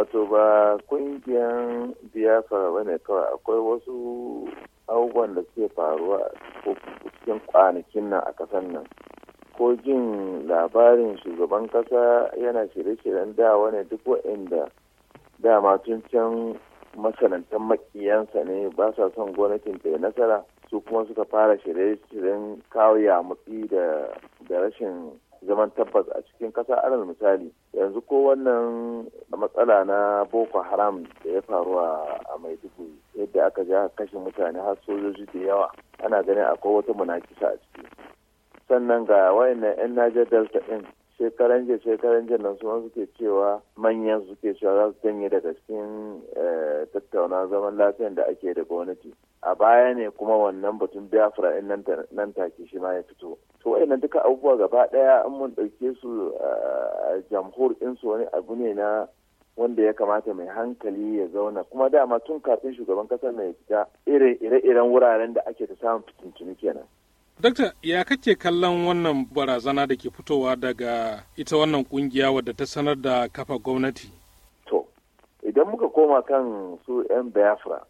wato ba kungiyan biyafara ba ne kawai akwai wasu abubuwan da suke faruwa ko cikin kwanakin nan a kasar nan ko jin labarin shugaban kasa yana shirye-shiryen dawa ne duk wa'inda dama tun can masanantan makiyansa ne ba sa son gwamnatin ta nasara su kuma suka fara shirye-shiryen kawo yamutsi da rashin zaman tabbas a cikin kasa alal misali yanzu ko wannan matsala na boko haram da ya faru a maiduguri yadda aka ja kashe mutane har sojoji da yawa ana ganin akwai wata munakisa a ciki sannan ga wayannan 'yan Niger Delta ɗin shekaran jiya shekaran jiya nan suna suke cewa manyan suke cewa za su janye daga cikin eh, tattauna zaman lafiyan da ake da gwamnati a baya ne kuma wannan batun biafra in nan take shi ma ya fito to wayannan duka abubuwa gaba daya an mun ɗauke su a eh, jamhur din su wani abu ne na wanda ya kamata mai hankali ya zauna kuma dama tun kafin shugaban kasar mai fita ire-iren wuraren da ake ta samun fitintunu kenan Dokta, ya kake kallon wannan barazana da ke fitowa daga ita wannan kungiya wadda ta sanar da kafa gwamnati? To, idan muka koma kan su 'yan Biafra,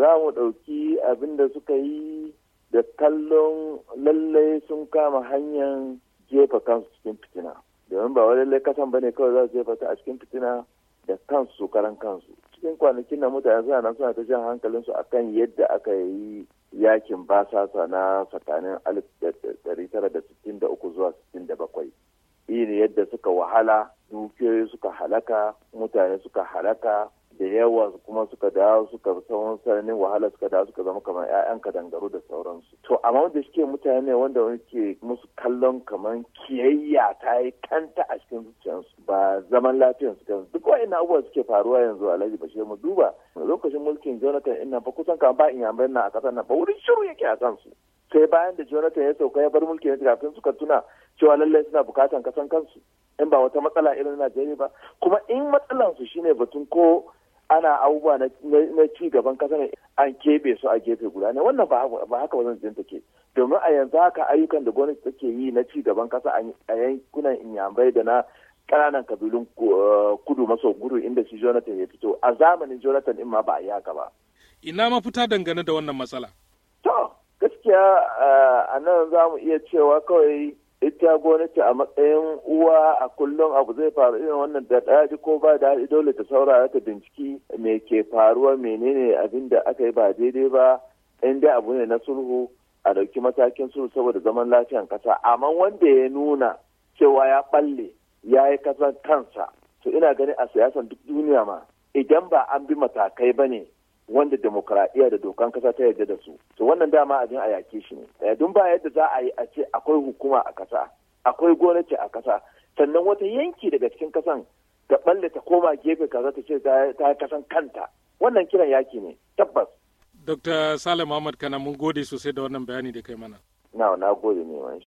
za mu ɗauki abin da suka yi da kallon lallai sun kama hanyar jefa kansu cikin fitina. Domin ba lallai kasan ba ne kawai za su jefa ta a cikin fitina da kansu karan kansu. Cikin kwanakin na mutane suna nan suna ta jan hankalinsu akan yadda aka yi yakin basasa na tsakanin 1963 zuwa 67 ne yadda suka wahala dukiyoyi suka halaka mutane suka halaka da yawa kuma suka dawo suka tsawon sananin wahala suka dawo suka zama kamar 'ya'yan kadangaru da sauransu to amma da suke mutane wanda wake ke musu kallon kamar kiyayya ta yi kanta a cikin zuciyarsu ba zaman lafiyar su kansu duk wa'in abubuwa suke faruwa yanzu alhaji bashir mu duba lokacin mulkin jonathan ina ba kusan kama ba inyambai na a kasar nan ba wurin shiru yake a kansu sai bayan da jonathan ya sauka ya bar mulki ya kafin suka tuna cewa lallai suna bukatan kasan kansu in ba wata matsala irin najeriya ba kuma in matsalansu shine batun ko ana abubuwa na ci gaban kasa ne an keɓe su a gefe guda ne wannan ba haka ba zan take domin a yanzu haka ayyukan da gwamnati take yi na ci gaban kasa a yankunan inyambai da na kananan kabilun eh, kudu maso gudu inda shi jonathan ya fito a zamanin jonathan in ma ba a yi haka ba ina mafita dangane da wannan matsala to gaskiya eh, a nan za mu iya cewa kawai ita gwamnati a matsayin uwa a kullum abu zai faru irin wannan da daji ko ba da dole ta saurara ta binciki me ke faruwa menene abin da aka yi ba daidai ba in dai abu ne na sulhu a dauki matakin sulhu saboda zaman lafiyan kasa amma wanda ya nuna cewa ya ɓalle ya yi kasan kansa to ina ganin a siyasan duk duniya ma idan ba an bi matakai ba ne wanda demokradiyya da dokan kasa ta yarda da su to wannan dama abin a yake shi ne eh, don ba yadda za a yi a ce akwai hukuma a kasa akwai gwamnati a kasa sannan wata yanki daga cikin kasan ta balle ta koma gefe kaza ta ce ta kasan kanta wannan kiran yaki ne tabbas Dr. Salim Ahmad Kana mun gode sosai da wannan bayani da kai mana. Na, na gode ne wani.